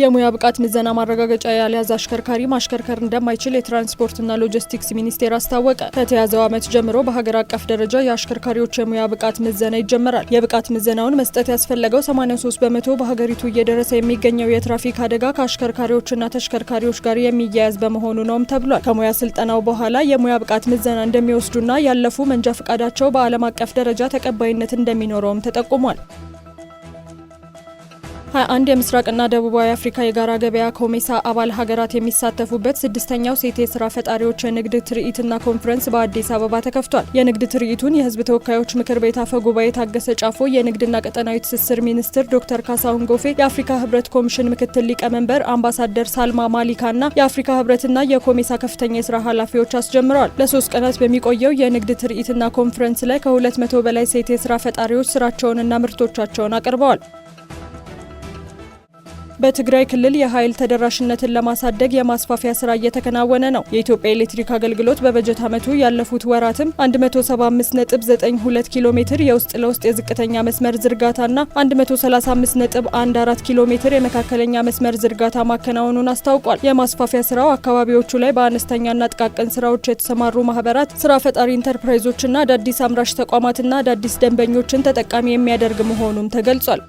የሙያ ብቃት ምዘና ማረጋገጫ ያልያዘ አሽከርካሪ ማሽከርከር እንደማይችል የትራንስፖርትና ሎጂስቲክስ ሚኒስቴር አስታወቀ። ከተያዘው ዓመት ጀምሮ በሀገር አቀፍ ደረጃ የአሽከርካሪዎች የሙያ ብቃት ምዘና ይጀመራል። የብቃት ምዘናውን መስጠት ያስፈለገው 83 በመቶ በሀገሪቱ እየደረሰ የሚገኘው የትራፊክ አደጋ ከአሽከርካሪዎችና ተሽከርካሪዎች ጋር የሚያያዝ በመሆኑ ነውም ተብሏል። ከሙያ ስልጠናው በኋላ የሙያ ብቃት ምዘና እንደሚወስዱና ያለፉ መንጃ ፈቃዳቸው በዓለም አቀፍ ደረጃ ተቀባይነት እንደሚኖረውም ተጠቁሟል። 21 የምስራቅና ደቡባዊ አፍሪካ የጋራ ገበያ ኮሜሳ አባል ሀገራት የሚሳተፉበት ስድስተኛው ሴት የስራ ፈጣሪዎች የንግድ ትርኢትና ኮንፈረንስ በአዲስ አበባ ተከፍቷል። የንግድ ትርኢቱን የህዝብ ተወካዮች ምክር ቤት አፈ ጉባኤ ታገሰ ጫፎ፣ የንግድና ቀጠናዊ ትስስር ሚኒስትር ዶክተር ካሳሁን ጎፌ፣ የአፍሪካ ህብረት ኮሚሽን ምክትል ሊቀመንበር አምባሳደር ሳልማ ማሊካና የአፍሪካ ህብረትና የኮሜሳ ከፍተኛ የስራ ኃላፊዎች አስጀምረዋል። ለሶስት ቀናት በሚቆየው የንግድ ትርኢትና ኮንፈረንስ ላይ ከሁለት መቶ በላይ ሴት የስራ ፈጣሪዎች ስራቸውንና ምርቶቻቸውን አቅርበዋል። በትግራይ ክልል የኃይል ተደራሽነትን ለማሳደግ የማስፋፊያ ስራ እየተከናወነ ነው። የኢትዮጵያ ኤሌክትሪክ አገልግሎት በበጀት ዓመቱ ያለፉት ወራትም 175.92 ኪሎ ሜትር የውስጥ ለውስጥ የዝቅተኛ መስመር ዝርጋታና 135.14 ኪሎ ሜትር የመካከለኛ መስመር ዝርጋታ ማከናወኑን አስታውቋል። የማስፋፊያ ስራው አካባቢዎቹ ላይ በአነስተኛና ጥቃቅን ስራዎች የተሰማሩ ማህበራት፣ ስራ ፈጣሪ ኢንተርፕራይዞችና አዳዲስ አምራች ተቋማትና አዳዲስ ደንበኞችን ተጠቃሚ የሚያደርግ መሆኑም ተገልጿል።